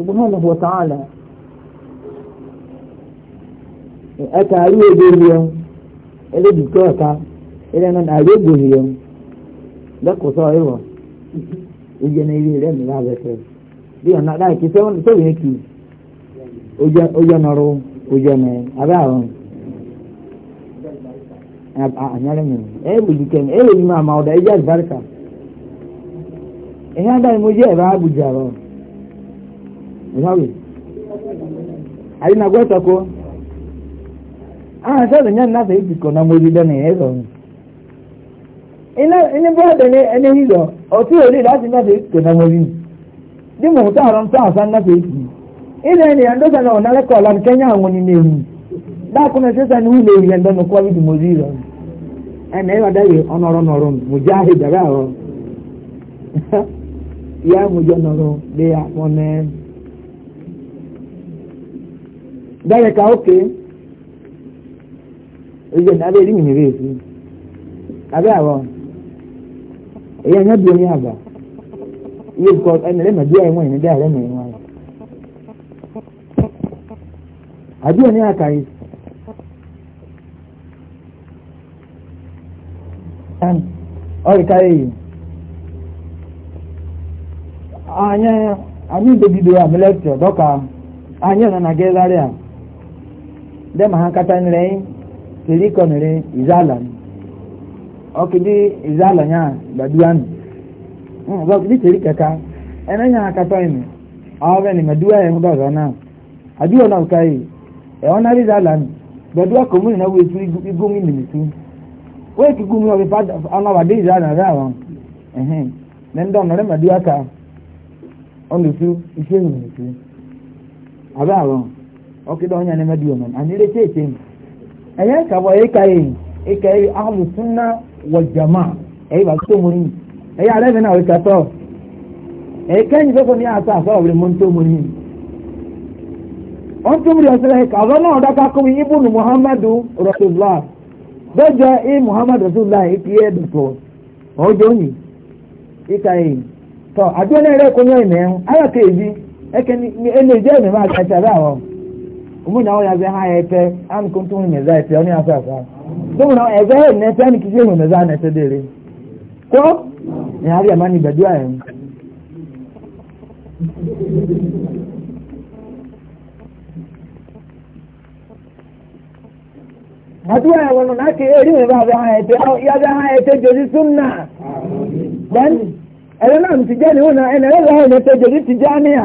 subhanahu wa ta'ala aka ari egoriyo ele dike ọta ele nan ari egoriyo lẹkọsọ ịwọ oye na iri rẹ mìíràn abẹsẹ bí ọ̀nà láìkí sẹ́wọ̀n sẹ́wọ̀n yẹn kì oye nọrọ oye nẹ abẹ́ àwọn anyalẹ mi ẹ wò ju kẹmi ẹ wò Mhawi. Alina gweta ko. Ah, sasa nyani nasa hivi kona mwezi dane eh, hizo. Ina ina bada ne ene hizo. Oti oli lati nasa hivi kona mwezi. Dimo mutara mtara sana nasa hivi. Ile ni andosa na onale kwa la Kenya hangu ni nini. Da kuna sasa ni ule ile ndono kwa vidi mwezi Ene hiyo dai onoro noro mujahid rawo. ya mujonoro de ya monen. dare ka oke oye na abe erimi nere esi abe awo oye anya bi onye aba ihe bukọ ẹnere ma biya enwe ndị ahụ eme enwe anyị adị onye aka yi ọrịa karịa eyi anya anyị dogido ya melekta dọka anya nọ na gezari a dem hankata ni rẹ kiriko ni rẹ izala ni ọkidi izala nya gbadua ni hmm, ọkidi kiri kẹka ẹnẹ nya hankata ni ọbẹ ni gbadua yẹn mu dọdọ náà adiwọ náà ka yi ẹwọn náà izala ni gbadua kòmúnì náà wọ́n etu igúnmi nìmìtú wọ́n etu gúnmi ọ̀bẹ fada ọ̀nà wàdé izala rẹ àwọn ẹ̀hìn nẹ́ndọ̀ ọ̀nà rẹ gbadua ka ọ̀nà etu iṣẹ́ nìmìtú abẹ́ àwọn. ọkịda onye na emedi omen anyị recha eche ẹ̀yẹ́ ìkàwọ̀ ẹ̀kàyè ẹ̀kàyè ahùsùnà wọ̀jàmà ẹ̀yẹ́ bá tó mọ́rin ẹ̀yẹ́ arẹ́bìn náà ìkàtọ̀ ẹ̀kẹ́yìn fẹ́fọ́ ní àtà àfọwọ́rẹ́ mọ́ tó mọ́rin wọ́n tó mọ́rin ọ̀sẹ̀rẹ̀ ẹ̀kàwọ́ náà dáká kọ́ mi ibùn muhammadu rasulillah bẹ́jọ ẹ̀ muhammadu rasulillah ìpì ẹ̀ dùtọ̀ umuna wa yabe ha yete an kuntu mun za yete oni asa asa dumu na ebe ne te ni kije mun za na te dere ko ni hari amani badua en Àdúrà ẹ̀wọ̀n náà kí eré ìrìn bàbá àwọn ẹ̀tẹ́ yájá àwọn ẹ̀tẹ́ jòdì súnnà. Bẹ́ẹ̀ni, ẹ̀rọ náà ti jẹ́ níwọ̀n náà ẹ̀nà ẹ̀rọ àwọn ẹ̀tẹ́ ti já níyà.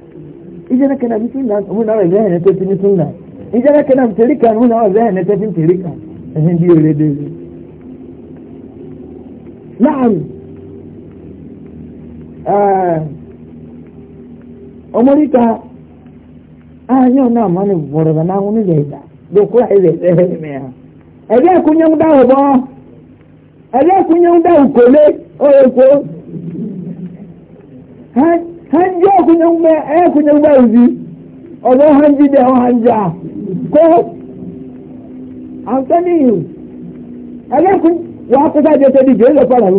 ijana kana bi sunna mun na wazai ne ta tin sunna ijana kana tarika mun na wazai ne ta tin tarika ehin biyo le de na'am ah omorika ah yo na mani boro na unu le da do ko ai le ehe me ya ebe kunya mu da obo ebe kunya mu da ukole o eko ha hanji akunye mgbe ekunye ya uzi ọzọ hanji dị ọha a ko i'm telling you ẹlẹ́kùn wàá kọ́ta jẹ́ tẹ́lẹ̀ jẹ́ lọ padà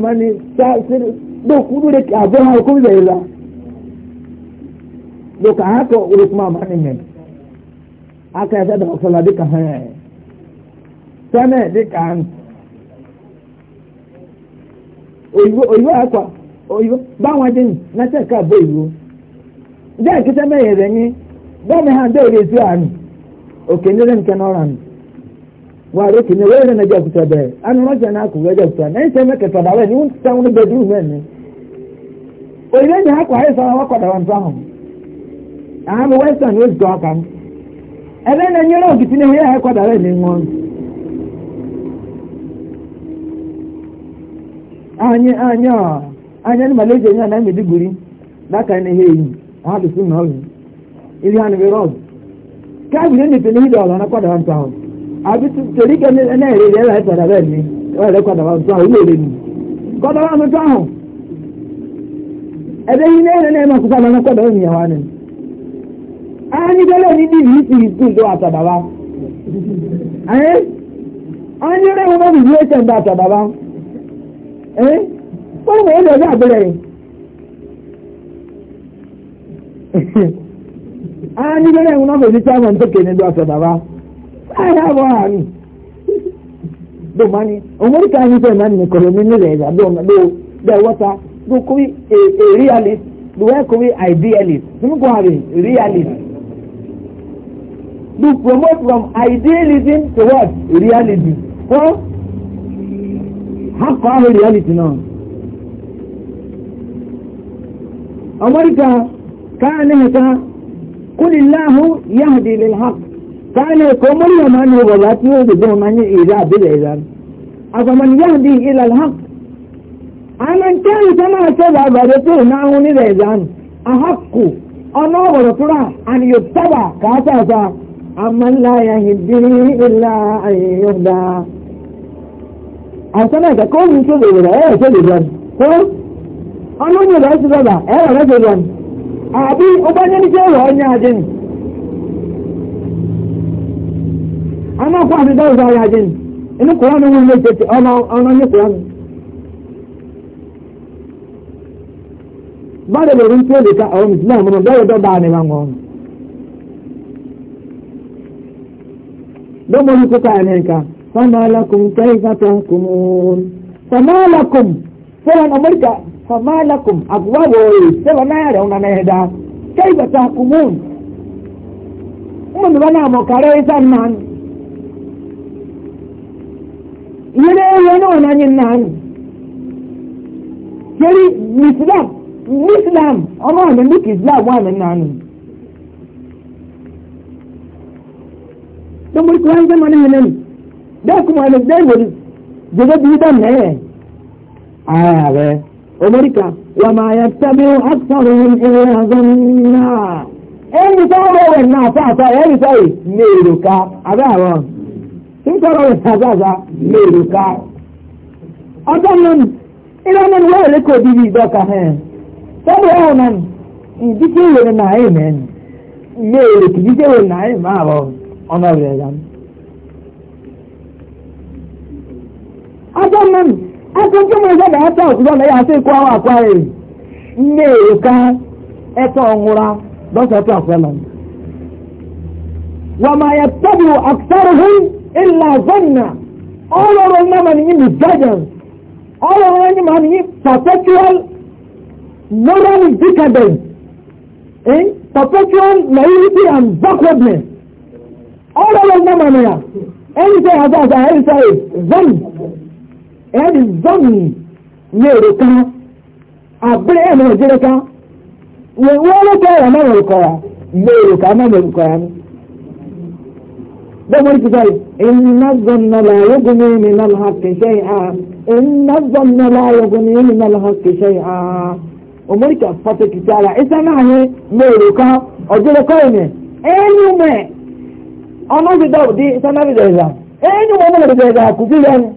ma sa siri dókú lórí àgọ́ ha okó aka ka oyibo oyibo akwa oyibo báwọn adé nì n'asẹ́ ká bọ́ oyibo jẹ́ ìkísẹ́ mẹ́yẹ̀ rẹ̀ ní bẹ́ẹ̀ni hàn dẹ́ ìrèsí àánú òkè nílẹ̀ nìkan n'ọ̀rọ̀ àná wà á lókè ní wẹ́ẹ̀ rẹ̀ nàjà òkúta bẹ́ẹ̀ àná rọ́jà náà kò wẹ́jà òkúta náà ìṣẹ́ mẹ́kẹ̀ fàdà wẹ̀ ní ẹ̀yìn ayé wọn àwọn ẹ̀rẹ́ ní anyị anya anya ni malaysia nya na mediguri daka ni heyi ha ka na ihe wan tawo abi na ere ere ha tada ben ni o le kwada ebe ihe na na eme ku na kwada ni ya wan ani dole ni di ni ti ti do atada ẹ́ eh? wọ́n onye ẹ́ lọ́jọ́ àbúrẹ̀ rẹ̀ a ní lọ́rẹ̀ ìwọ̀n náà fèsì chairman tó kéde ní ọ̀sẹ̀ bàbá sáyà bọ̀ àmì bó máa ní ọmọ orí ká anyị sẹ́yìn náà ní kọ̀lọ́mí nílẹ̀ na bí ọmọ e, e, bí ọwọ́ta bí ó kúrí a realist bí wọ́n idealist tí realist promote from idealism to what realism. akọ ahụ reality nọ amurka kaane hata kulillahu yahdi lil haq kaane ko muriya ma ne ba lati o de don manye ira bila ira aga man yahdi ila al haq anan kai sama ta ba ba da to na hu ni da izan a hakku ono wala tura an yutaba ka ta ta amman la yahdi illa an yuhda àìsàn náà kẹ́kọ̀ọ́ mi tó lè rẹ̀ ẹ̀rẹ̀ tó lè rẹ̀ tó ọmọ mi rẹ̀ ti rọ̀bà ẹ̀rẹ̀ rẹ̀ tó rẹ̀ àbí ọba ní ẹnìjẹ́ ìwọ̀ ọ́ ajé ni ọmọ ọkọ àti dáwọ̀ sọ ayé ajé ni inú kọ́ ọ́nà wọn lè tètè ọmọ ọmọ ní kọ́ ọ́nà. báyọ̀ lè rí tí ó lè ka ọ̀rọ̀ mùsùlùmí ọmọ bẹ́ẹ̀ dọ́ bá a nìwà dọ́gbọ́n ní kókó فما لكم كيف تحكمون فما لكم فلان أمريكا فما لكم أقواب سبنا يرون نهدا كيف تحكمون من بنا مكاري سنان yere yano na yin nan yeri islam islam ọmọ mi ní kí islam wà mí nánu tó mo rí kí wọn jẹ́ mọ́ ní hẹ́lẹ́nì dẹ́kun wọn lè dẹ́ ìwòlì jẹ́gẹ́ bí dá mẹ́ẹ̀. ààrẹ amẹ́ríkà wà máa yẹ tẹ́bí ẹ́kítọ́rù ìrìn àjọ náà. ẹni tó wọ́n wẹ̀ náà fáfá ẹni tó yìí ní èrò ká abẹ́ àwọn tí ń sọ̀rọ̀ wẹ̀ sáfáfá ní èrò ká. ọjọ́ nínú ilé ọmọ ìwé òlé kò di ìjọ ká ẹ̀ tọ́bù ẹ̀hún náà ìdíkì ìwé náà ẹ̀ ní èrò kìí ajọ́ mẹ́rin ẹkùn tí mo yẹ́dà ẹ́tọ́ òṣùgbọ́n lẹ́yà sí ikú àwọn àpá rẹ̀ ní èèkà ẹ̀tọ́ ọ̀húnra lọ́sọ̀tọ̀ àfẹ́lọ́ wà máa yẹ tọ́bù àkùsọ́rùhún ìlà zọ́nà ọlọ́rọ̀ mọ́mọ́ nìyí ní judgment ọlọ́rọ̀ ẹni máa nìyí perpetual moral decadence eh? perpetual naivety and backwardness ọlọ́rọ̀ mọ́mọ́ nìyà ẹni sẹ́yà sọ́ọ̀sà ẹni sẹ́yà zọ́nà e zọ́ọ̀nì ní èrò kan àbúrẹ́ ẹ̀mọ́ ìjẹ́rẹ́ kan wọ́n lọ́kọ̀ ẹ̀rọ mẹ́rin ìkọ̀yà lé èrò kan mẹ́rin ya ni. bẹ́ẹ̀ mo ní kíkọ́ yìí iná zọ́ọ̀nà láyógún ní ìmì náà lọ́ha ha ìhà iná zọ́ọ̀nà láyógún ní ìmì náà lọ́ha kìṣẹ́ ìhà òmùrìkà pàtàkìtì ara iṣẹ́ náà ní èrò kan kọ́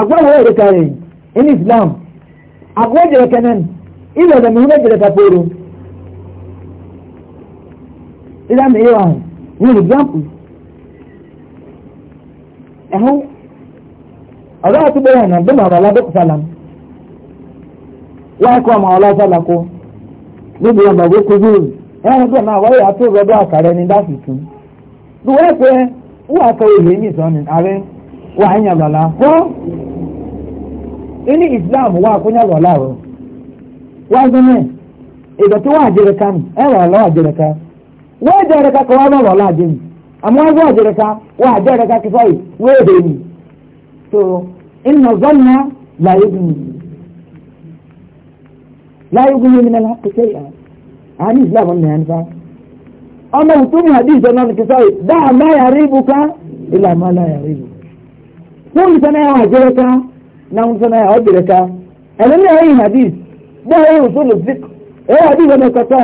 agwagwa ya rekare in islam agwa jere kenan ilo da muhimmai jere ka ila mai yawa yin example ẹ̀hún ọ̀rọ̀ àti bẹ́ẹ̀ náà bí màá bàlá bẹ́ẹ̀ sálà wáyé kọ́ àmà ọlá sálà kó níbi ọmọ òwe kojú wa hanya bala ko ini islam wa kunya bala o wa zame ido to wa jere kan e wa la jere ka wa jere ka ko wa ba la jin amma wa jere ka wa jere ka ki sai we de ni to inna zanna la yugni la yugni min al-haqq shay'an ani islam wannan yan fa amma mutum hadisi nan ki sai da ma yaribuka ila ma la yaribuka wọ́n ń sẹ́nà ẹ̀wọ̀n àjẹrẹ́ká náà ń sẹ́nà ẹ̀wọ̀n àjẹrẹ́ká ẹ̀mí ní ẹ̀yìn hadith bẹ́ẹ̀ hadith ẹ̀mí kọta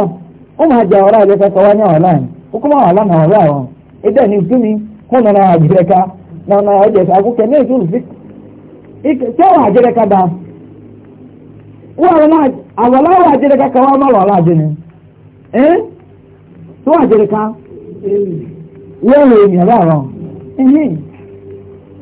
ó máa jẹ ọ̀rá ẹ̀lẹ́fẹ́ kọ́ wáyé ọ̀rá ẹ̀ ó kọ́ máa lánàá ọ̀rá ẹ̀ wọn ẹ̀dẹ́ ni ìtúmi kọ́ nà náà àjẹrẹ́ká náà náà àjẹrẹ́ká akókè ní òṣèlú zik sẹ́wọ̀n àjẹrẹ́ká dá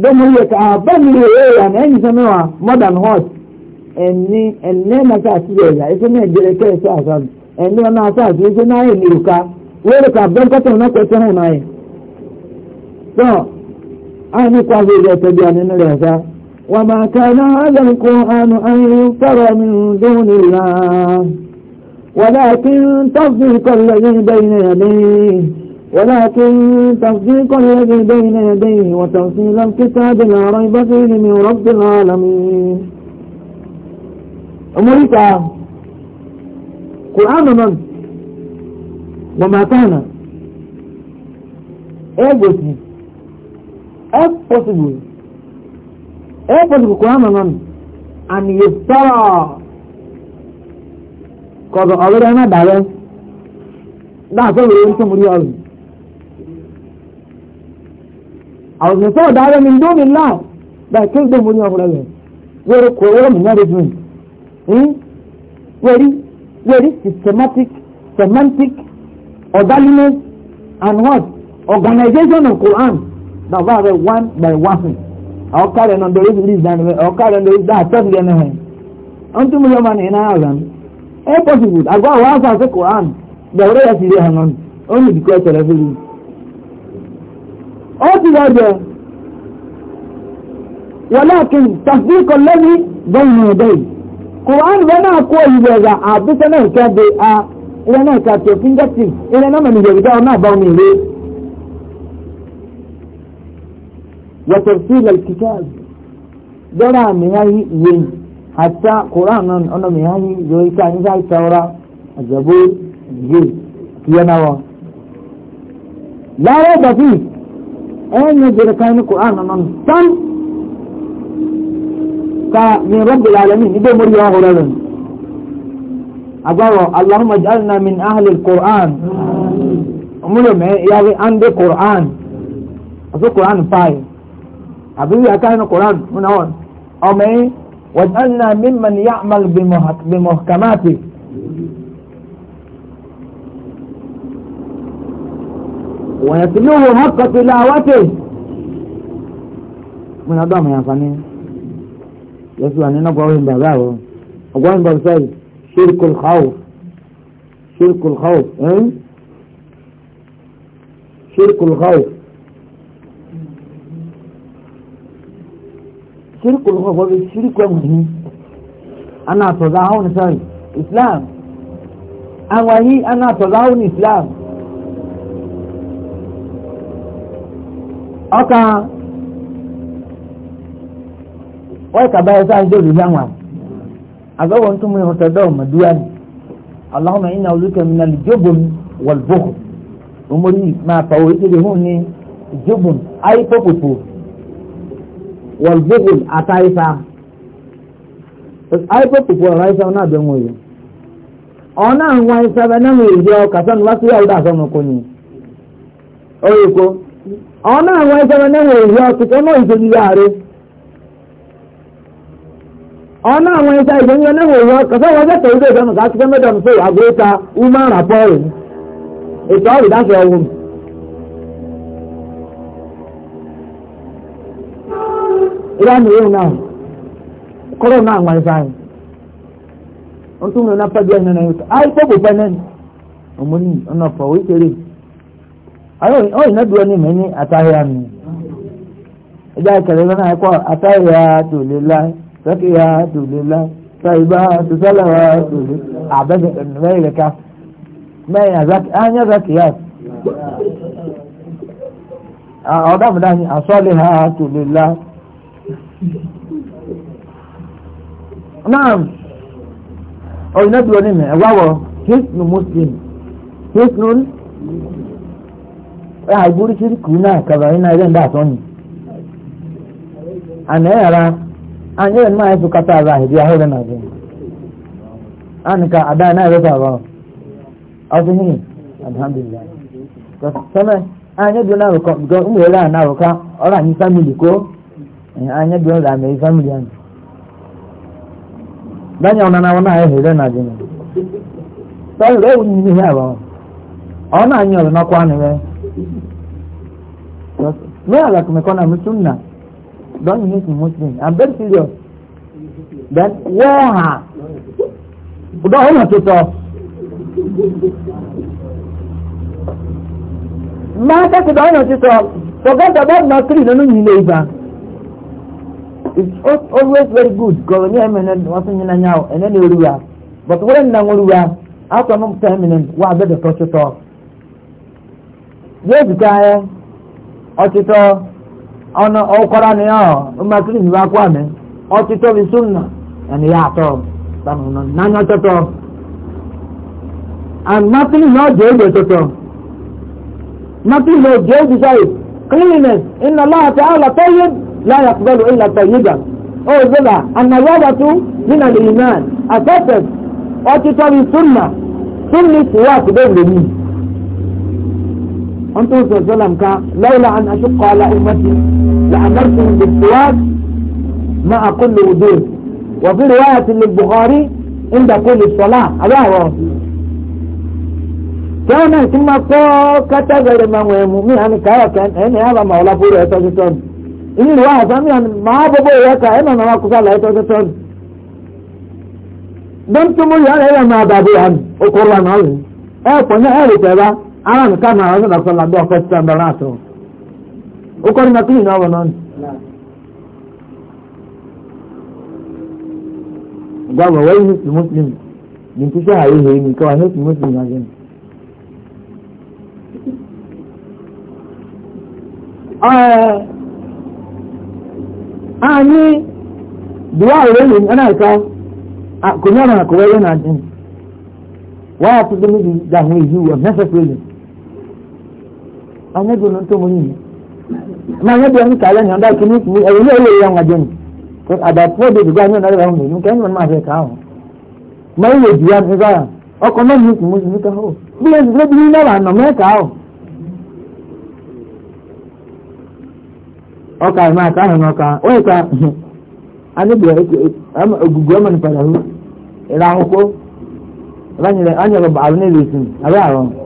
don mu yi ka ban mu yi ya na yin sami wa modern horse ẹni ẹni na sa ya ẹsẹ náà jẹrẹ kẹ ẹsẹ àṣà ẹni ọ̀nà àṣà àti ẹsẹ náà yẹ ní òkà wọ́n ka bẹ́ẹ̀ kọ́tọ̀ náà kọ́ tẹ́hùn náà yẹ. tó àwọn ní kwazọ ìjọ tẹbi àní ní rẹ sá wà máa ka iná àgbẹ̀rù kó àánú ayé sọ̀rọ̀ mi dùn ولكن تصديق الذي بين يديه وتوصيل الكتاب لا ريب فيه من رب العالمين أمريكا قرآن من وما كان everything as possible as possible قرآن من أن يفترى قد أولئنا دعوة دعوة أولئنا مريئة àwọn òṣìṣẹ́ ọ̀dà ara mi lómi náà báyìí kí n gbé mo ní ọkùnrin rẹ̀ wẹ́rẹ́ kò wẹ́rẹ́ mi náà rẹ́dùn wẹ́rí wẹ́rí systematic semantic orderliness and what organization of quran na wà rẹ̀ one by one ọ̀kàrẹ̀ náà bẹ̀rẹ̀ ìdílé ìdáni rẹ̀ ọ̀kàrẹ̀ náà ìdá àtẹ́sí rẹ̀ náà ọ̀n tún mi lọ́mọ ní iná àrà mi ẹ̀ possible àgọ́ àwọn àṣà àti quran bẹ̀rẹ̀ yẹ ti rí hàn náà ó ní ìdíkọ̀ ẹ̀tẹ̀rẹ̀ fẹ́rẹ̀ أبدا ولكن تصديق الذي بين يديه قرآن وانا أقوى يجوزا عبدتنا كده إلى أنا كاتوكين جاتين إلى أنا من يجوزا وما بوني ليه وترسيل الكتاب دورا مهاي وين حتى قرآن أنا مهاي جويكا نزاي تورا الزبور جيل كيانا لا ريب فيه أين جركان القرآن من تن من رب العالمين إذا مريا غرزا أقول اللهم اجعلنا من أهل القرآن أمولهم يعني عند القرآن أصول القرآن فاي أبي أكاين القرآن من هون أمي واجعلنا ممن يعمل بمحكماتك ويتلوه حق تلاوته من أدام ينفعني يسوع أننا قوين باباه قوين بابسي شرك الخوف شرك الخوف إيه؟ شرك الخوف شرك الخوف هو شرك ومهين أنا أتضعون سوري إسلام أولي أنا أتضعون إسلام ọ wọ́n báyìí sáà ń dèrò yánwà àgbẹ̀wò ń túnmù ìhùtọ̀ dọ́ọ̀ mọ̀dúwà ni aláhùnmá iná olùkẹ́ mi náà jọ́bùn wọ̀lbùkù omori máa pàwọ́ ìkéde hùn ní jọ́bùn ayé pọ̀pọ̀pọ̀ wọ̀lbùkù àtàyíṣà ayé pọ̀pọ̀pọ̀ ọ̀rọ̀ a náà bẹ̀ wọ̀nyí ọ̀nà àwọn náà mú wá sí kò ní ọ̀nà àwọn ẹgbẹ̀rẹ̀ náà wọ̀ èyí ọ̀tùtù náà ìjòyí ààrẹ ọ̀nà àwọn ẹgbẹ̀ ìjòyí náà wọ̀ èyí ọ̀kọ̀fẹ́ wọ́n jẹ́ tẹ̀lé ìjọba nǹkan àti fẹ́mẹ́dọ̀ ní fún àgbéta human rapport ètò ọ̀rọ̀ ìdáfẹ́ ọ̀hún. ìlànà ìwé náà kọ́rọ̀ náà àwọn tún yóò tó ọ ìnádùú ẹni mẹ́ni àtàríà mi ẹjá ìkẹ̀lẹ̀ lọ́nà ẹ̀kọ́ àtàríà tó lè láì sẹ́kìyà tó lè láì sàìbá tó sálàwà tó lè àbẹ́sẹ̀ mẹ́rin lẹ́ka mẹ́rin àyà sàkìyà ọ̀dàmùdá ni àsọ́lẹ̀ ha tó lè láì. náà ọ ìnádùú ẹni mẹ́ ẹ̀wá wọ hísnù muslim hísnù muslim àìgbórí ah, sírí kùú náà kàbà iná ilé ńdá àtọ́ni àná ẹ̀yàrá àní ẹ̀rọ máa ẹ̀sùn kata àrà ìdí ahọ́rẹ́ náà jẹun àníkà àdá náà ẹ̀rọ tààrà ọdún yìí alhamdulilayi sọmẹ àní ẹ̀dùn náà rọ̀kọ́ bìkọ́ ń wẹ̀rẹ̀ àná rọ̀ká ọ̀rọ̀ àní fámìlì kó àní ẹ̀dùn rà mẹ́rin fámìlì àná báyìí ọ̀nà náà wọn náà ẹ̀rọ náà where like na musunna don muslim i'm very serious then where her don hold her to talk máa tẹ́sí don about na it's always very good gọ̀rọ̀ ní ẹ̀mẹ̀ náà wọ́n tún yín but when na náà after one ten minutes wọ́n abẹ́dẹ̀ tọ́ṣútọ́ yóò ọtụtụ ọnụ ọkwara na ya mmasịrị nyiwe akwa mee ọtụtụ bụ sunna yana ya atọ n'anya ọtụtụ and nothing na ọjọ egbe tụtụ nothing na ọjọ egbe sọrọ cleanliness inna allah ta'ala tayyib la yaqbalu illa tayyiban o zaba annawabatu min al-iman accepted ọtụtụ bụ sunna sunni siwa kudo mgbe niile أنت صلى الله عليه كان لولا أن أشق على أمتي لأمرتهم بالسواد مع كل وجود وفي رواية للبخاري عند كل الصلاة على هذا كان ثم كتب من ويمومي أن كايا كان أن هذا ما ولا فور يتوجدون إن الواحد سامي أن ما بابو يكا أنا ما كسال يتوجدون دمتم يا ما بابو أن أقرأ نعلم أه فنعلم كذا ara mi ka na ara na sala do ko tsa ndara to o ko ni na kini na wa non gwa wa wai muslim ni ku sha hayi hayi ni ka wa ni muslim na gen eh ani duwa re ni ana ka a ko na na ko wa na din wa tu ni da hu yi wa na anyago no ntomo nyi ma anyago ni kala ni onda kini ni e ni ele ya ngajen ko ada po de gwa ni na le hanu ni kan ma se ka ho ma ye diya ni ba o ko na ni mu ni ka ho bi le le bi na la no me ka ho o ka ma ka ho no ka o ka anyago e am ogugu ma ni para ho ira ho ko Abanyere anyere ba alune lesin abaro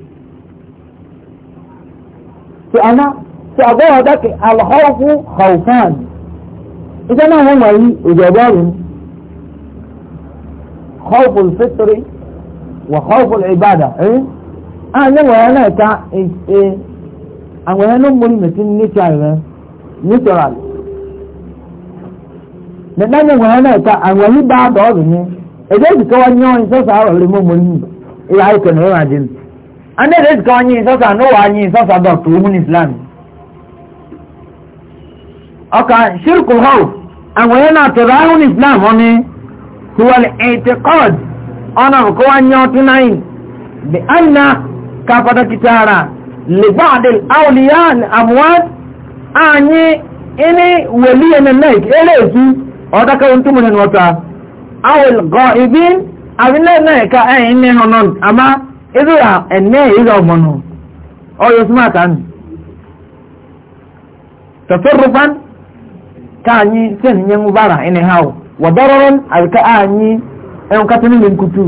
to ana to agbawa dake alhawfu khawfan ita na wọn wọnyi ìjọbaarun fitri wa khawful ibada eh a nye wọn na eta e àwọn ẹni múri mẹsìn nature rẹ natural nana nye na and then this guy yin sọ́sà ní wàá yin sọ́sà dọ̀ tó mú ní islam ọkà ṣírkù hau àwọn yẹn náà tọ̀rọ̀ ahùn ní islam wọn ni huwal etikod ọ̀nà kó wá yan ọtún náà yìí bí anna ká pàtàkì tààrà lèbáàdìl àwòlíyá àmúwád àyí ini wèlí ẹni náà eré èsú ọ̀dọ́kẹ́ ohun tó mú nínú ọ̀tá àwòl gọ ìbí àbí náà náà ẹ̀ka ẹ̀yìn ní ịzụ ya ene ịzụ ọgbọnọ ọyọ smart anụ tasarrufan ka anyị sen nye ngubara ene ha wa dararan alka anyị en katini min kutu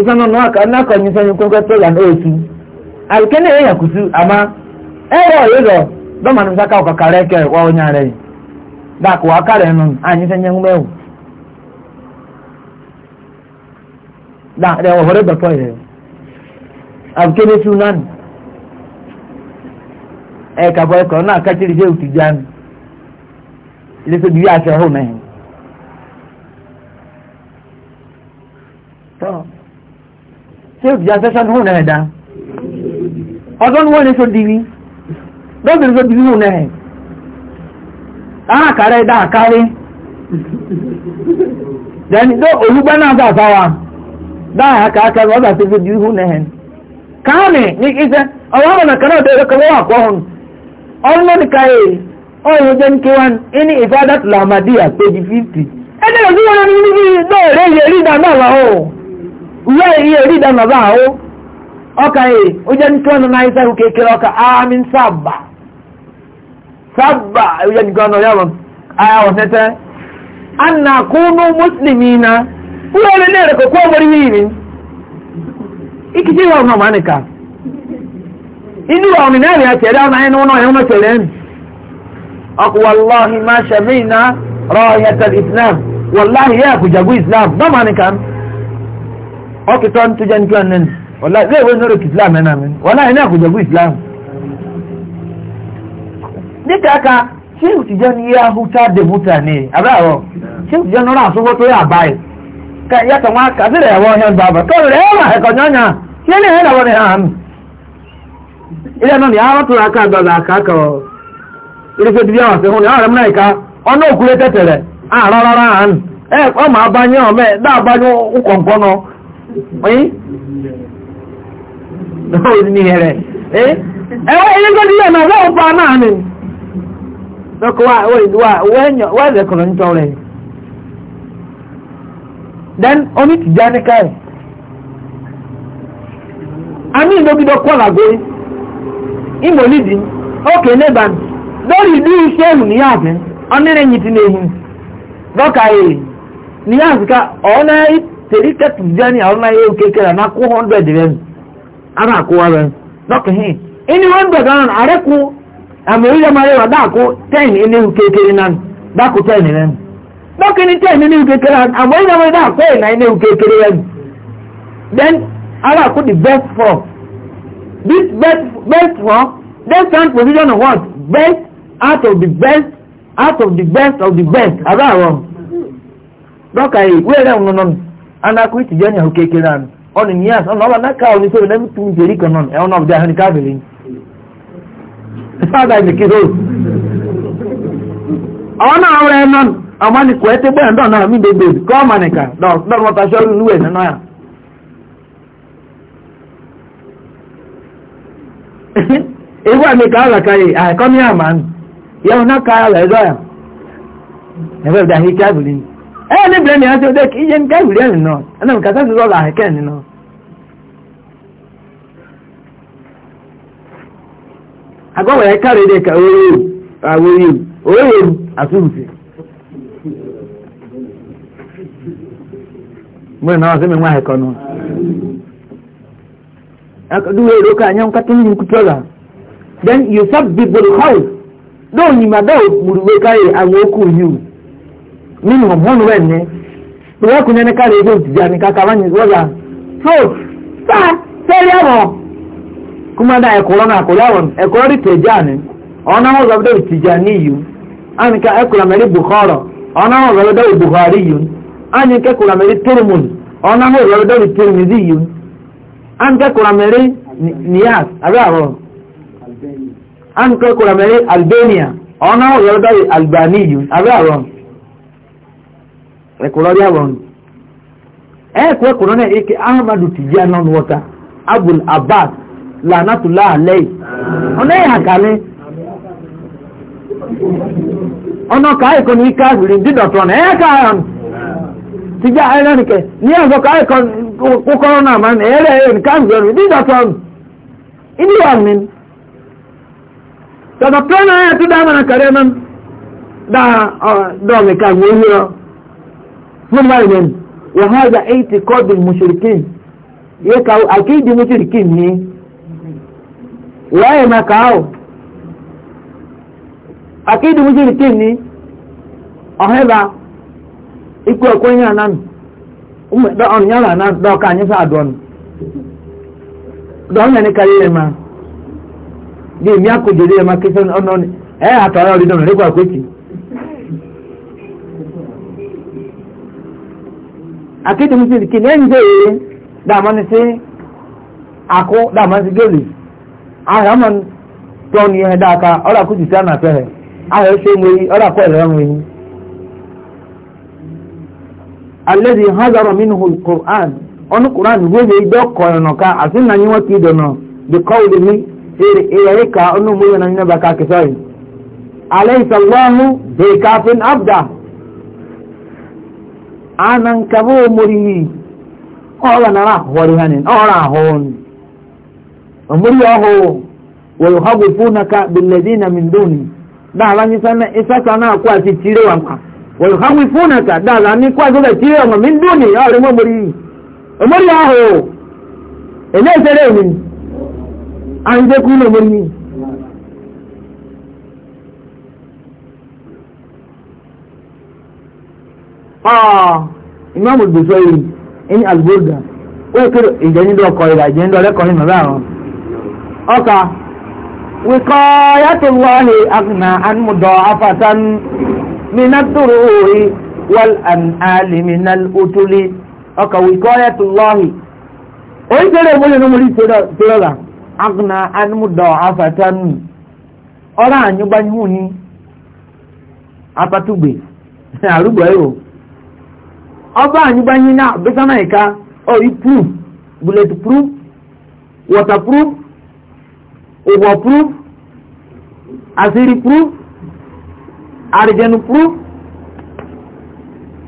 isa no na ka na ka nyi sen kun ka tela na otu alka ne ya kutu ama ẹrọ ịzụ do manu saka o kakare ke wa onya re da ko akare nu anyị sen nye ngumewu da re o hore do to abukere sunan ẹ kabọ ẹ kọrọ náà kẹtìrì ṣe òtù jan lẹsọ bíbí aṣọ ọhún mẹhìn tọ ṣé òtù jan sẹsọ ọhún náà dá ọdún wọn lẹsọ dìbí lọsọ lẹsọ dìbí ọhún náà ara kàrẹ dá àkárí dẹni na olùgbẹ́ náà bàbá wa dáhà kàkàrẹ ọ̀dà tó diwi dìbí ọhún náà. kaani ní iṣẹ́ ọlọ́run na kanáà tó ẹ̀kọ́ wà pọ̀hún ọlọ́run káyé ọ̀rọ̀ jẹ́ nkí wọn ní ìfádàtì làmàdíyà péjì 50 ẹni rẹ̀ sí wọn ní níbi lóòrè iye rídà náà wà ó ìwé iye rídà náà bá ó ọkà yìí ó jẹ́ nkí wọn náà iṣẹ́ kékeré ọkà ámì sábà sábà ó jẹ́ nkí wọn náà yàwọn ayá wọ̀ tẹ́tẹ́ anà kúnú mùsùlùmí na wúwo lè lè rẹ̀ kọ̀kọ́ ikiti wa ọ̀nà ọ̀mánìkà inú ọ̀nà ìrìn àti ọ̀nà ẹni wọn ẹ̀hún ọ̀tẹ̀lẹ̀ ń ọkùwàláhì má ṣẹ̀mí iná islam wàláhì yẹ́ àkùjàgú islam bọ́mánìkà ọkìtọ́ tó jẹ́ nítorí ẹni islam ní àkùjàgú islam ka ka ya ta ma ka zira wa hen baba to re ma he ko nyanya ye ne he na wa ne han ile no ya wa tura aka baba ka ka o ile se wa se mna ka ono okure tetere a han ma ba nyo me da ba nyo u no no ni e ile na ba na ni wa ze then only tijani kai ani kwala imo lidi oke neban lórí ìlú iṣẹ́ ìhùn ní ààfin ọ́nẹ́rẹ́ yìí ti léhun lọ́ka èè ní àsìká ọ̀ọ́nà ìtẹ̀rí kẹtù jẹ́ ní àwọn ayé kékeré náà kó ara àkówá rẹ̀ lọ́kà hìn inú hundred náà àrẹ́kù àmì orílẹ̀-èdè máa rẹ̀ wà dáàkó ten lọ́kì ní tẹ́ẹ̀ nínú kékeré àmọ́ ìyàwó iná àpẹ́ ìná iná kékeré yẹn then ara kú the best form this best best form they stand position of what best out of the best out of the best of the best àbá àwọn lọ́kà yìí wíwẹ̀rẹ̀ ọ̀nà nọ́nù anakú ìtìjẹ́ ní àwọn kékeré àná ọ̀nà ní àṣà ọ̀nà ọba náka ọ̀nà ìṣòro lẹ́mí tún jẹ́rí kan náà ẹ̀wọ̀n náà ọ̀dẹ́ ahọ́n káàbìrì ní fàdà ìdíkì rò àwọn náà wọ́n rẹ̀ náà amani kuete bwana ndo na mimi bebe koma neka ndo ndo watashauri niwe na naya ewa mi kala kai ah come here man ya una kala ezo ya ewa da hi kabulin eh ni e, blame ya so de ki yen kabulin e no ana mkasa zo la heken no agbawo ya e kare de ka oyo awoyo oyo asubuti mgbe na ọzọ menwe ahịkọ nụ akọduwe ero ka anya nkata ndị nkwutola then you sub bibul house do onyima do gburuwe karị e, agwa okwu yu minimum hụ nwe nne tụwa kụnye ne karị ego ntụzi anyị ka kawanye wọza so saa seri ahụ kuma da ẹkọrọ na akọrọ ahụ ẹkọrọ dị teja ni ọ na ọzọ bụdo tijani yu anyị ka ẹkọrọ e meri bukhara ọ na ọzọ bụdo bukhari yu anyị nke kụrụ amịrị termon ọ na nwere ọrụ dọrị termizi yi anyị nke kụrụ amịrị nias abịa ahụ anyị nke kụrụ amịrị albania ọ na nwere ọrụ dọrị albani yi abịa ahụ ẹkụrọ dị ahụ ẹkụ ẹkụrọ na ike ahmadu tijia nọ n'ụwọta abul abbas lanatula alei ọ na-eyi akali ọ na ọka ịkọ n'ike ahụ ndị dọtọ na e ẹka ahụ tija ayran ke ni azo kai kon ko corona man ere en e, kan gel di da ton ini wan min ta da plana ya tu da man kare man da do me kan ni yo mun mai men wa hada aiti qad al mushrikin ye ka akid mushrikin ni wa ma kaao akid mushrikin ni aheba ikú ẹ̀kọ́ e, na ànánu ọ̀nà yẹn àná dọ́ọ̀ka anyi sá àdọ́nu dọ́ọ̀nù yẹn ni kárí yẹn ma di èmi akójòdì yẹn ma kéṣe ọ̀nà ẹ̀ àtọ̀rẹ́ ọ̀rí dọ́ọ̀nù lẹ́kọ̀ọ́ àkókì. akéde mi sèdìkì lẹ́yìn gbèrè dàmọ́ ni sí ni sí tọ́ni dáka ọ̀rọ̀ sí àná alẹ́dì hazara minhu quran ọ̀nà quran gbogbo ìjọ kọ̀ọ̀nà ká àti nàní wọn kì í dọ̀nà bí kọ́wé mi ṣe ìyàrí ká ọ̀nà mú yẹn nàní bàkà kìsọ́ yìí. alaysa allahu bi kafin abda anan kabo murihi ọ̀rọ̀ nara hori hanin ọ̀rọ̀ ahon omuri ọhụ wọ̀rọ̀ ha gbogbo naka bilẹ̀dínà mindoni dáhàlá ní sẹ́nà ìsẹ́sà náà kó àti tìrẹ́wà máa wọ̀lùfáwífúnàkà dáadáa ní kwájú tí ọmọ mi ń dùn ní ọmọrí ahò ẹ̀lẹ́ a ní ọmọrí ní alboga ó kéré ìjẹ́nidọ́ ọkọ̀ ìrà ìjẹ́nidọ́ ọlẹ́kọ̀ọ́ ní mọ̀lá wíkọ́ yàtọ̀ من الدروع والأنآل من الأتل أكا وقاية الله ويقول لي نمولي تلولا أغنى عن مضاعفة ọ̀rá àyúgbáyún ní apatúgbè àrúgbò ẹ̀rọ ọba àyúgbáyún náà bẹ́sánà ìka orí proof bullet proof waterproof overproof àṣírí proof àrìjẹnukú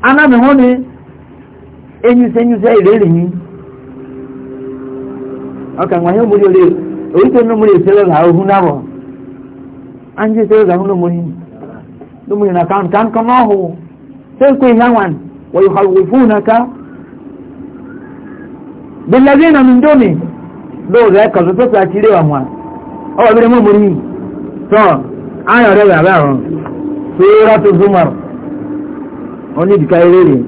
anámihún ni enyusẹ́nyusẹ́ ìrẹ́rì yìí ọkà wọ́n yóò múlò lè oríṣi onúmúlò ìṣẹ́lẹ̀ rà ohun náà wọ̀ ánjú ìṣẹ́lẹ̀ rà ohun lómúlò yìí lómúlò na kàn kàn kàn náà hù ihe ìyáwàn wọ́n yóò hàwù fún náà ká bẹ́lẹ́dẹ́ náà mi dóni suratu zumar wọ́n ní ìdíkà eré rèé.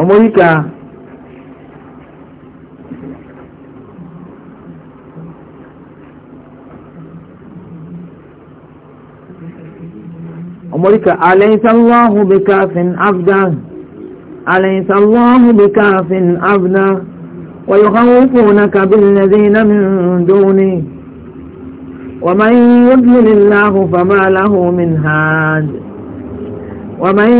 ọmọ yìí ká أمرك أليس الله بكاف عبدا أليس الله بكاف عبدا ويخوفونك بالذين من دوني ومن يضلل الله فما له من هاد ومن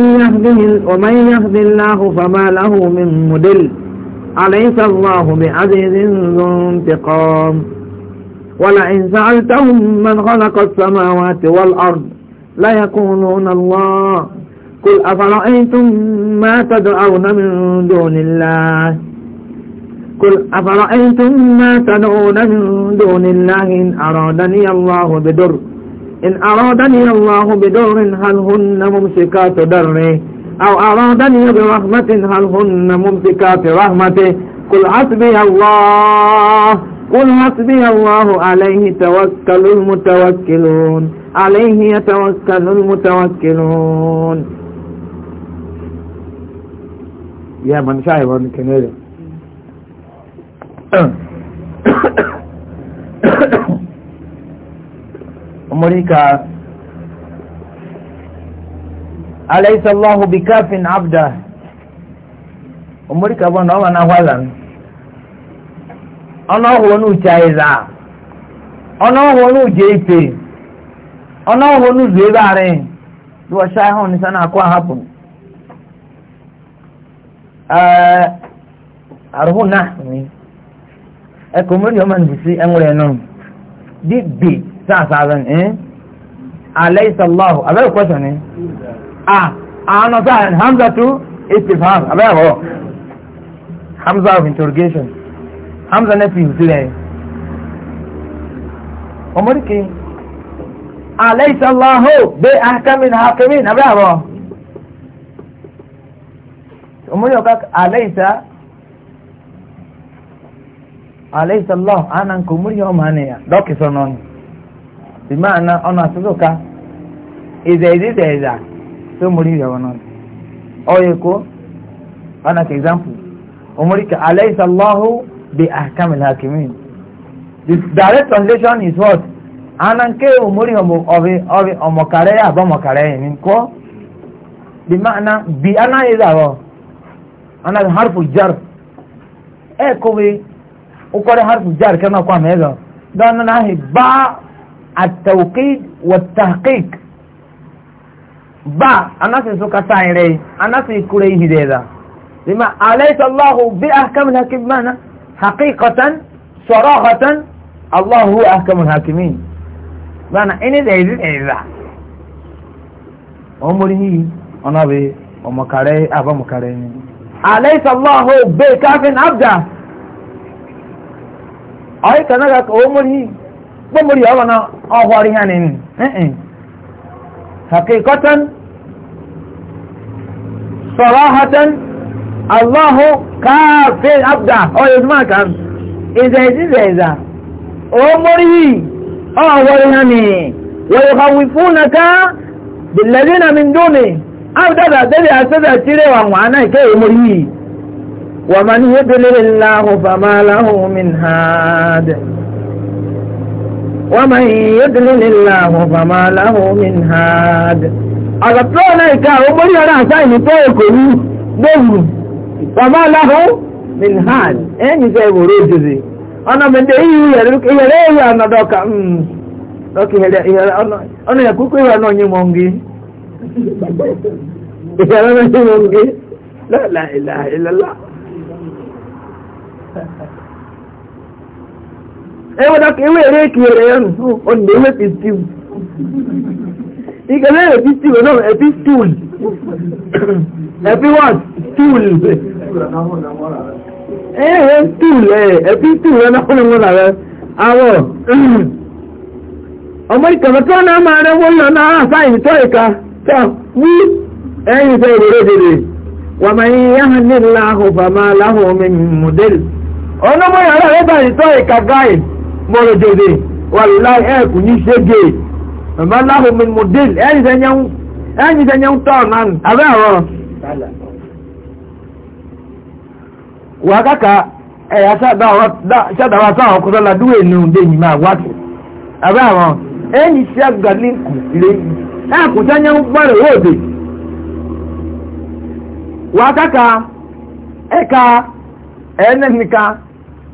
ومن يهد الله فما له من مدل أليس الله بعزيز ذو انتقام ولئن سألتهم من خلق السماوات والأرض ليقولون الله قل أفرأيتم ما تدعون من دون الله قل أفرأيتم ما تدعون من دون الله إن أرادني الله بدر إن أرادني الله بدر هل هن ممسكات دري أو أرادني برحمة هل هن ممسكات رحمتي قل حسبي الله قل حسبي الله عليه توكل المتوكلون عليه يتوكل المتوكلون يا من شاهد كنيري umurika alaysa allahu bikafin abda umurika bona wana hwalan ona hwonu chaiza ona hwonu jeipe ona hwonu zebare duwa shay hon sana akwa hapo eh arhuna ni ẹkọ mọ ní ọmọ nìsí ẹnwúrẹ náà bí bì sáàsáàbẹ ẹ alẹ́ ìsàlọ́hù abẹ́ ìkọ́sọ̀ ni a àánú sáà hamza tu istifam abẹ́ ẹ̀họ́ hamza of interrogation hamza náà fi ìsílẹ̀ ọmọdéke alẹ́ ìsàlọ́hù bẹ akamin hakimin abẹ́ ẹ̀họ́ ọmọdéke alẹ́ ìsàlọ́hù alayhi allah anan ko muri yo mane ya doki sonon bi ma'ana ona suzuka iza iza iza so muri yo non oye ko ana ke example umuri ka alayhi allah bi ahkam al hakimin the direct translation is what anan ke umuri homo ove ove omokare ya ba mokare ni ko bi ma'ana bi ana iza wo ana harfu jar e ko ukore harfu jar kama kwa mega dana nahi ba at-tawqid wat-tahqiq ba anasi suka saire anasi kure hideda lima alaysa allah bi ahkam al-hakim mana haqiqatan sarahatan allah huwa ahkam al-hakimin mana ini zaidi zaidi omuri hii onabe omakare aba makare ni alaysa allah bi kafin abda ọ̀yẹ́ kan náà kò mórí gbọ́mọ̀rí ọ̀rọ̀ náà ọ̀họ́ rí hàn nínú hakikatan sarahatan allahu kafin abda ọ̀yẹ́ ìdúmọ̀ kan ìzà ìzìzà ìzà ọmọrí ọ̀họ́ rí hàn nínú wọ́n yóò kàwé fún nàká bìlẹ̀dínà mi dúnni abdada dẹ́bí àṣẹ́bẹ̀ àti rẹwà wọn náà ìkẹ́ ìmọ̀rí yìí ومن يضلل الله فما له من هاد ومن يضلل الله فما له من هاد àgbàtọ́ náà ìka òmórí ọ̀rọ̀ àṣà ìnìtọ́ èkó ní gbòòrò bàbá aláhùn minhaj ẹ̀yìn tẹ́ ìwòrò òjòzè ọ̀nà mẹ́tẹ́ yìí ìyẹ̀rẹ́ èyí ọ̀nà dọ́ka dọ́kì ìyẹ̀rẹ́ ọ̀nà ìyẹ̀kúkú ìwà ewedaka ewe ere ekiyere ya nụ ọ na ewe pistil ike na-ere pistil nọ epi stul epi wat stul ewe stul epi stul ya nakwa na nwụrụ ara awọ ọmọ ìkàmọ̀tọ́ náà máa rẹ wọ́n lọ náà sáyìn tó ìka tó wí ẹ̀yìn tó ìrẹ́dẹ̀rẹ̀ wàmàyí yáhàn nílá ahùfàmà láhùn omi mùdẹ́lì ọ̀nàmọ́ yàrá ẹ̀bà ìtọ́ ìkàgáì mọ̀rọ̀dẹ̀dẹ̀ wà láì ẹ̀kù ní ṣége ẹ̀mà láhùnmí mọ̀díl ẹ̀yìnjẹ́nyẹ́hún tọ́ọ̀nà abẹ́ ọ̀rọ̀ wà káka ẹ̀yà ṣàdàwà sáà ọkùnrin ládùúgbò ènìyàn dẹ̀yìn máa wá abẹ́ ọ̀rọ̀ ẹ̀yìn ṣe ẹ̀ẹ́nẹ́nìkan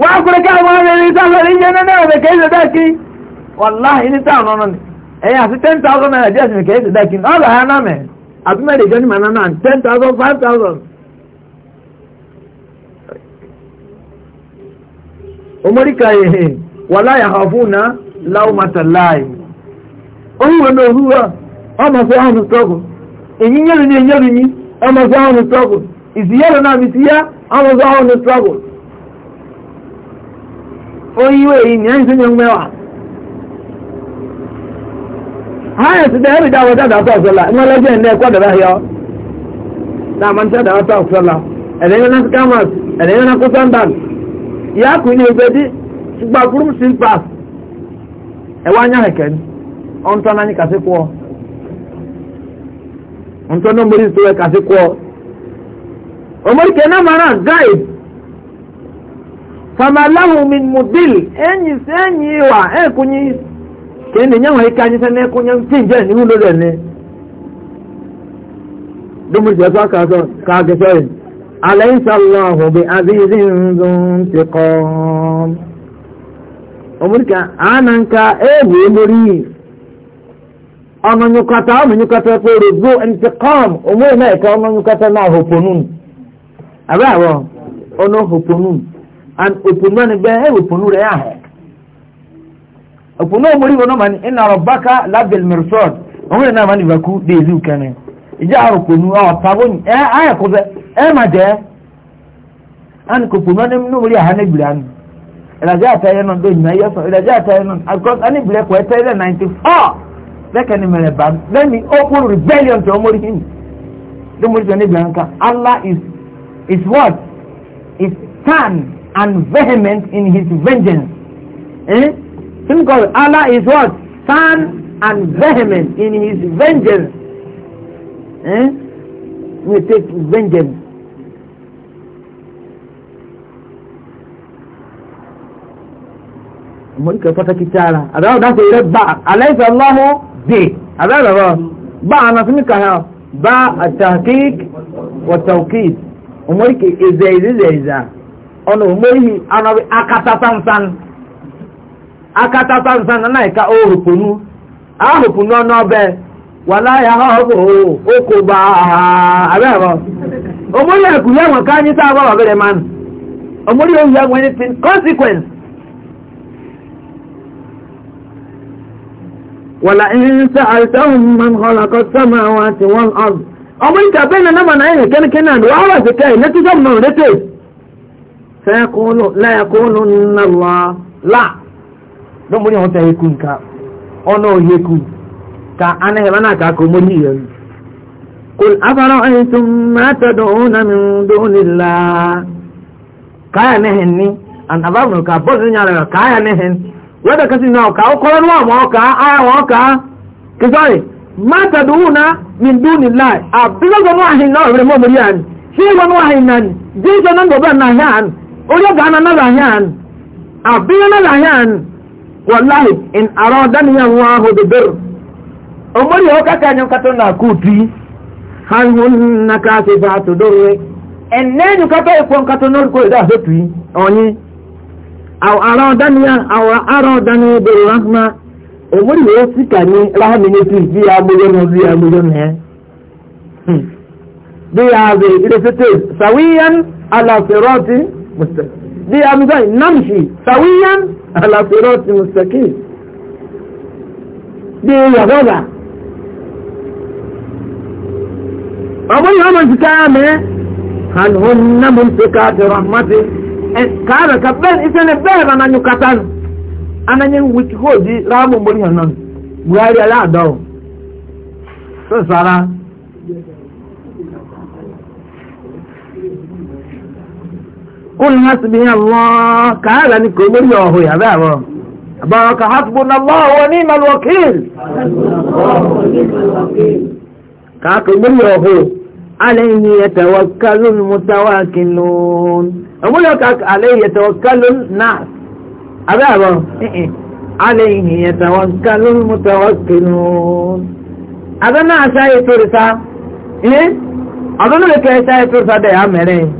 wọ́n á kúrẹ́ káwọn arìnrìn jẹ́ náà náà kẹ́ ìṣẹ́ dákí wàláhì ní táwọn ọ̀nà ni eyi àti ten thousand díẹ̀ sí kẹ́ ìṣẹ́ dákí ọ̀rọ̀ ayá náà mẹ́ àti ìjọ ní na náà ten thousand five thousand. omorika yìí wàláyà náà láwọn màtàláì náà òhúwà ọmọ fún àwọn ọmọ oyi yi nyan sun yan mewa haya su da yabi da wata da ta sallah in wala jin da kwa da rahiya da man ta da ta sallah ele yana kama ele yana kusan dan ya ku ne bedi gba kurum sin pass e wa nya heken on to na ni kase ko on to no mori to o mori kenan mara guide famalahu min mudil enyi enyi wa ekunyi kene nyawa ikanyi sene kunya tinje ni hulo dene dumur ka so ka ke so alaysa allah bi azizin zuntiqam omurka ananka ebu muri ọmọ nyukata ọmọ nyukata tó rògbò ntikọ́m òmùwẹ̀ náà nyukata and òpònú ẹni gbẹ ẹ̀rù òpònú rẹ̀ yà hẹ̀ òpònú òmòrí wọn náà ẹ̀nà ọ̀bákà lábẹ́lì mẹ́rìsọ́ọ̀d òun rẹ̀ náà máa ní ìbàkú dé ìlú kẹ́ni ìjà òpònú ọ̀tàbọ̀ ẹ̀ ayẹ̀kọ́fẹ́ ẹ̀ má jẹ́ ẹni òpònú ẹni òmòrí àhán ẹgbìlẹ̀ àná ìrajá àtẹyẹ náà lóyún ayé ninety four open rebellion tó mórí hìn ló mórí tó ní ìgbà Allah is is what is stand and vehement in his vengeance. Eh? Because Allah is what? Stern and vehement in his vengeance. Eh? We take vengeance. mọ̀lùkẹ́ pàtàkì tààrà àdáwò dáṣe rẹ̀ bá aláìsà aláhó dé àbẹ́rẹ̀rọ̀ bá anàfíníkà ha bá àtàkík wàtàkík ọmọlùkẹ́ ìzẹ̀ ìzẹ̀ ìzẹ̀ ọ̀nà ihe anọghị akata sansan akata sansan náà ìka òhùpùnú ahùpùnú ọ̀nà ọbẹ̀ wà láyà ọ̀bù okòbà àbẹ̀ ẹ̀rọ òmóyì ẹ̀kùnlé ẹ̀wọ̀n ká ní sáà bọ́ọ̀bẹ̀ rẹ̀ máa nù òmóyì òyì ẹ̀wọ̀n anything consequence. wàlà ìrìnsà àìsàn man kọlọ̀kọ̀ sọ́mà àwọn na lẹ́yẹkúnlù nàlá láà lọ́mọdé wọn tẹ́ ekun ká ọ̀nà òyekun ká anáyẹ̀ lánàá ká kò mọ́ ní ìyẹn قل أفرأيتم ما تدعون من دون الله كايا نهني أن أبابن كابوز نيالا كايا نهن ودا كسي ناو كاو كولن وا موكا آيا ووكا كسوري ما تدعون من دون الله أبدا نوحي ناو إبرمو مريان شيء نوحي نان جيجا نان بابا نهيان onye ga-ana nala ahịa abịa nala ahịa wallahi in arada ni yan wa ho de bir umuri ho ka kanyo kato na kuti han hun na ka se ba to do en ne nyu ka pe ko kato no ko da so tu onyi aw arada ni yan aw arada ni bi rahma ka anyị rahma ni ti bi ya mo no bi ya mo no he bi ya be ile sete sawiyan ala sirati مستقيم دي أمضاء نمشي سويا على صراط مستقيم دي يغضى أبو يوم الكامة هل هن ممسكات رحمته كان كبير إسان بير أنا نكتن أنا نين ويتهو دي رامو مريانا بغير لا دو سسارا قل حسبي الله كهذا نكبر يوهو يا بابا بارك حسبنا الله ونعم الوكيل كاكبر يوهو عليه يتوكل المتواكلون أقول لك عليه يتوكل الناس أبابا عليه يتوكل المتوكلون أبنا أشاهد ترسا إيه أبنا لك أشاهد ترسا ده يا مرين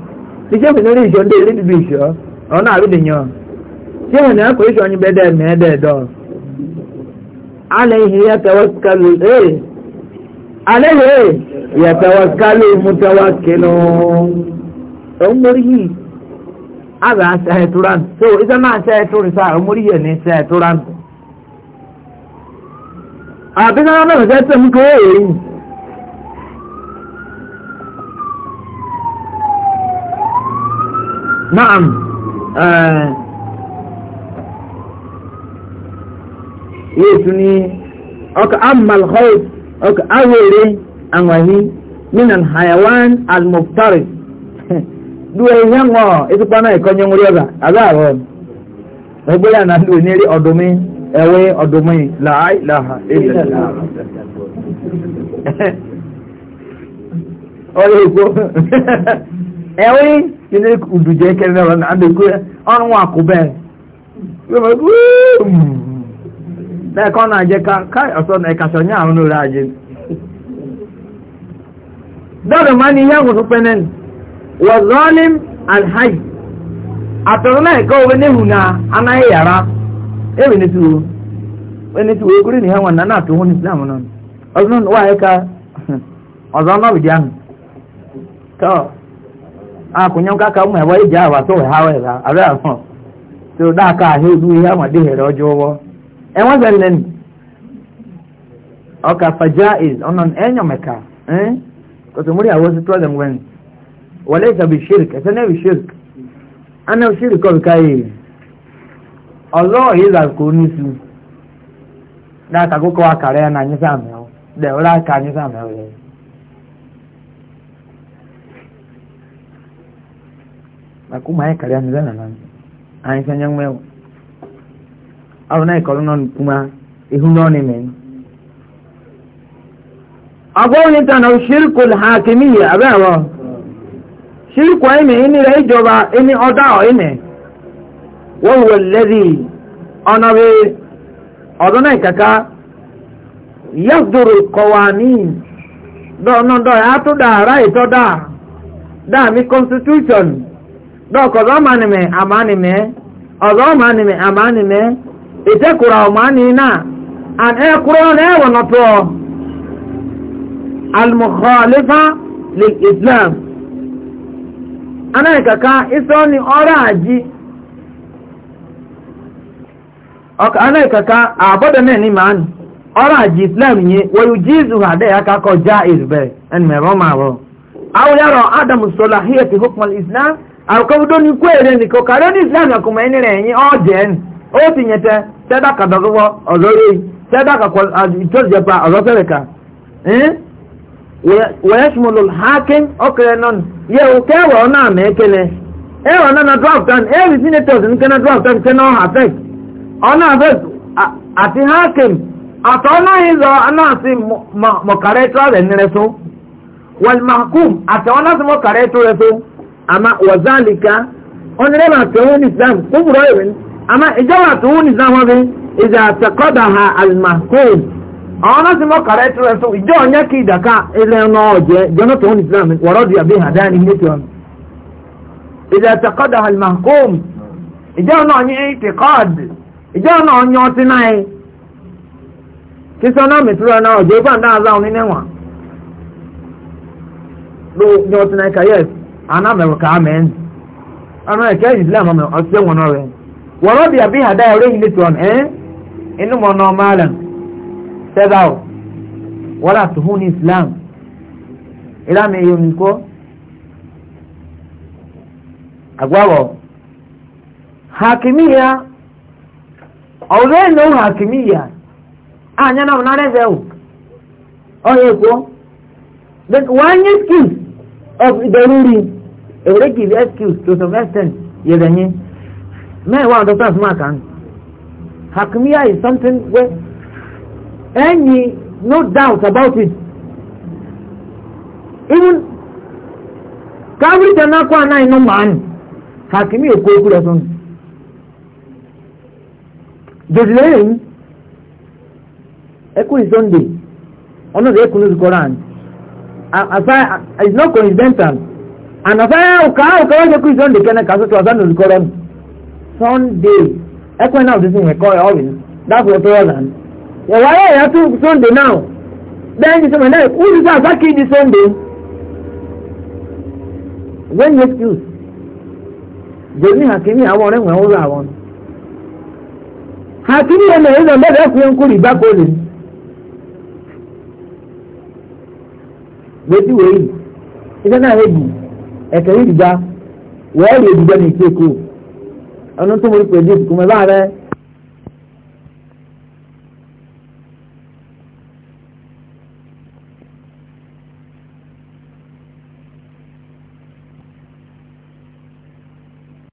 ti ṣé mi lórí ìjọ ndé ilé bíbí ìṣọ́ ọ̀nà àrídìyàn ṣé wọn ni akọ̀ ìṣọ́ yín bẹ́ẹ̀ mẹ́ẹ̀ẹ́dẹ́ẹ̀dọ́ alẹ́ ìhìn yàtọ̀wọ́síkálù ee alẹ́ ìhìn yàtọ̀wọ́síkálù mùtẹ̀wọ́síkálù ọ̀hún mórí yìí àbẹ̀ àṣẹ ẹ̀túrán so iṣẹ́ náà ṣe ẹ̀túrí sáà ọ̀hún mórí yẹ̀ ní ṣe ẹ̀túrán àbíkọ́ na na ṣe ẹ̀túrán kó èèyàn نعم آه يسني أك أما الخوف أك أولي أنوهي من الحيوان المفترس dúró ihe ńwọ ìtúpa náà ìkọnyẹ ń rí ọ̀gá aláàrọ̀ ẹgbẹ́ yà náà dúró ní rí ọ̀dùnmí ẹ̀wẹ́ ọ̀dùnmí làáì làhà ilẹ̀ ọ̀rẹ́ ìkó enweghị chineke uduje ekere na na bekwe ọrụ nwa akụbe dịka um. ọ na-aje ka ka ọsọ na ịkacha onye ahụ n'ụlọ aje dọdọ ma n'ihe ngwụsụ penen wazọlim alhaji atọrọ na ịka owe na anaghị yara ebe n'etuwo n'etuwo okiri na ihe na na-atụ hụ n'islam nọ ọzọ n'ụwa ka akunyan ah, kaka mu ẹ̀wọ́ ìjà àwà tó ẹ̀há ẹ̀rá àrẹ́ àfọn tí ó dáka àhẹ́lú ihe àmọ̀dé ẹ̀rọ ọjọ́ ọwọ́ ẹ̀wọ́n sẹ́lẹ̀ nì ọkà fàjá is ọ̀nà ẹ̀yàn mẹ́ka ẹ́n kòtò múrí àwọn sí tọ́lẹ̀ wẹ́n wọlé ìtàbí shirk ẹ̀sẹ̀ náà shirk ẹ̀nà shirk ọ̀rùka yìí ọ̀lọ́ ìlà kò ní akuma ya kari anu zana nan an san yan mewo abu na ikaru nan kuma ihu noni men agwawon ta na shirkul hakimiyya abe awo shirku ime ini re ijoba ini oda o ime wọ́n wọ̀ lẹ́dí ọ̀nà bí ọ̀dọ́ náà kàkà yàtòrò kọ̀wà ní dọ̀nà dọ̀yà tó dáa constitution dọk ọzọ ma anị mee ama anị mee ọzọ ma anị mee ama anị mee ite kwuru ahụ an e kwuru na ewe nọtụọ almukhalifa islam anaghị kaka iso ni ọrụ aji ọka anaghị kaka abọdọ na ni ma anị ọrụ aji islam nye wayo jizu ha dị aka kọjá izbe ẹni mẹrọ ma bụ awụyarọ adamu solahiyati hukmal islam akọbudo ni kwere ni kokare ni islam akumaini renyi enyi o tinyete seda kadogwo ozori seda ka itoje pa ozosereka eh wayashmulul hakim okrenon ye ukewa ona mekele e, e ona na drop down every senators ni kana drop na kana affect ona affect ati hakim atona hizo anasi wal mahkum ama wazalika onire ma to hun islam kubro ibn ama ijawa to hun islam wa bi iza taqadaha al mahkum ona simo kare to so ijo nya ki daka ile no je jono to hun islam waradi abi hadani nitwan iza taqadaha al mahkum ijo no nya itiqad ijo no nya otinai kisana mitro na oje ba nda za oni newa lo nyotinai ka yes ana mẹwọ ká mẹn ọmọ ẹkẹ islam ọmọ ọsẹ wọn ọrẹ wọrọ bí abi hada ẹrẹ yìí létí ọmọ ẹn inú mọ náà mọlẹ sẹba o wọlá tuhun ní islam ìlànà èyí oníkó agbábọ hakimiya ọrẹ ìnáwó hakimiya ànyẹ náà nàrẹ bẹ o ọyẹ kó wọ́n ní skills of ìdẹ̀rúrí. a relative excuse to some extent yedanye may wa do tas makan hakmiya is something where any no doubt about it even kabri tana kwa na ino man hakimi okoko da son jodlein ekuri sunday ono de ekunu zukoran as i it's not coincidental anafanya ukaa ukawaje kui zonde kene kaso to azanu sunday ekwe na udisi ngwe koyo obin dafu oto yolan wa waye ya tu sunday now then you say na uri sa saki di sunday when you excuse jeni hakimi awon re ngwe uru awon hakimi ya ezo mbebe kuyen kuri ba kole wey na hebi ẹ̀kẹ́ yìí dìgbà wọ́ọ̀lù èdìgbà ní ìkéko ọ̀nà tó mo rí pẹ̀lú ìkùnmọ́ bá rẹ̀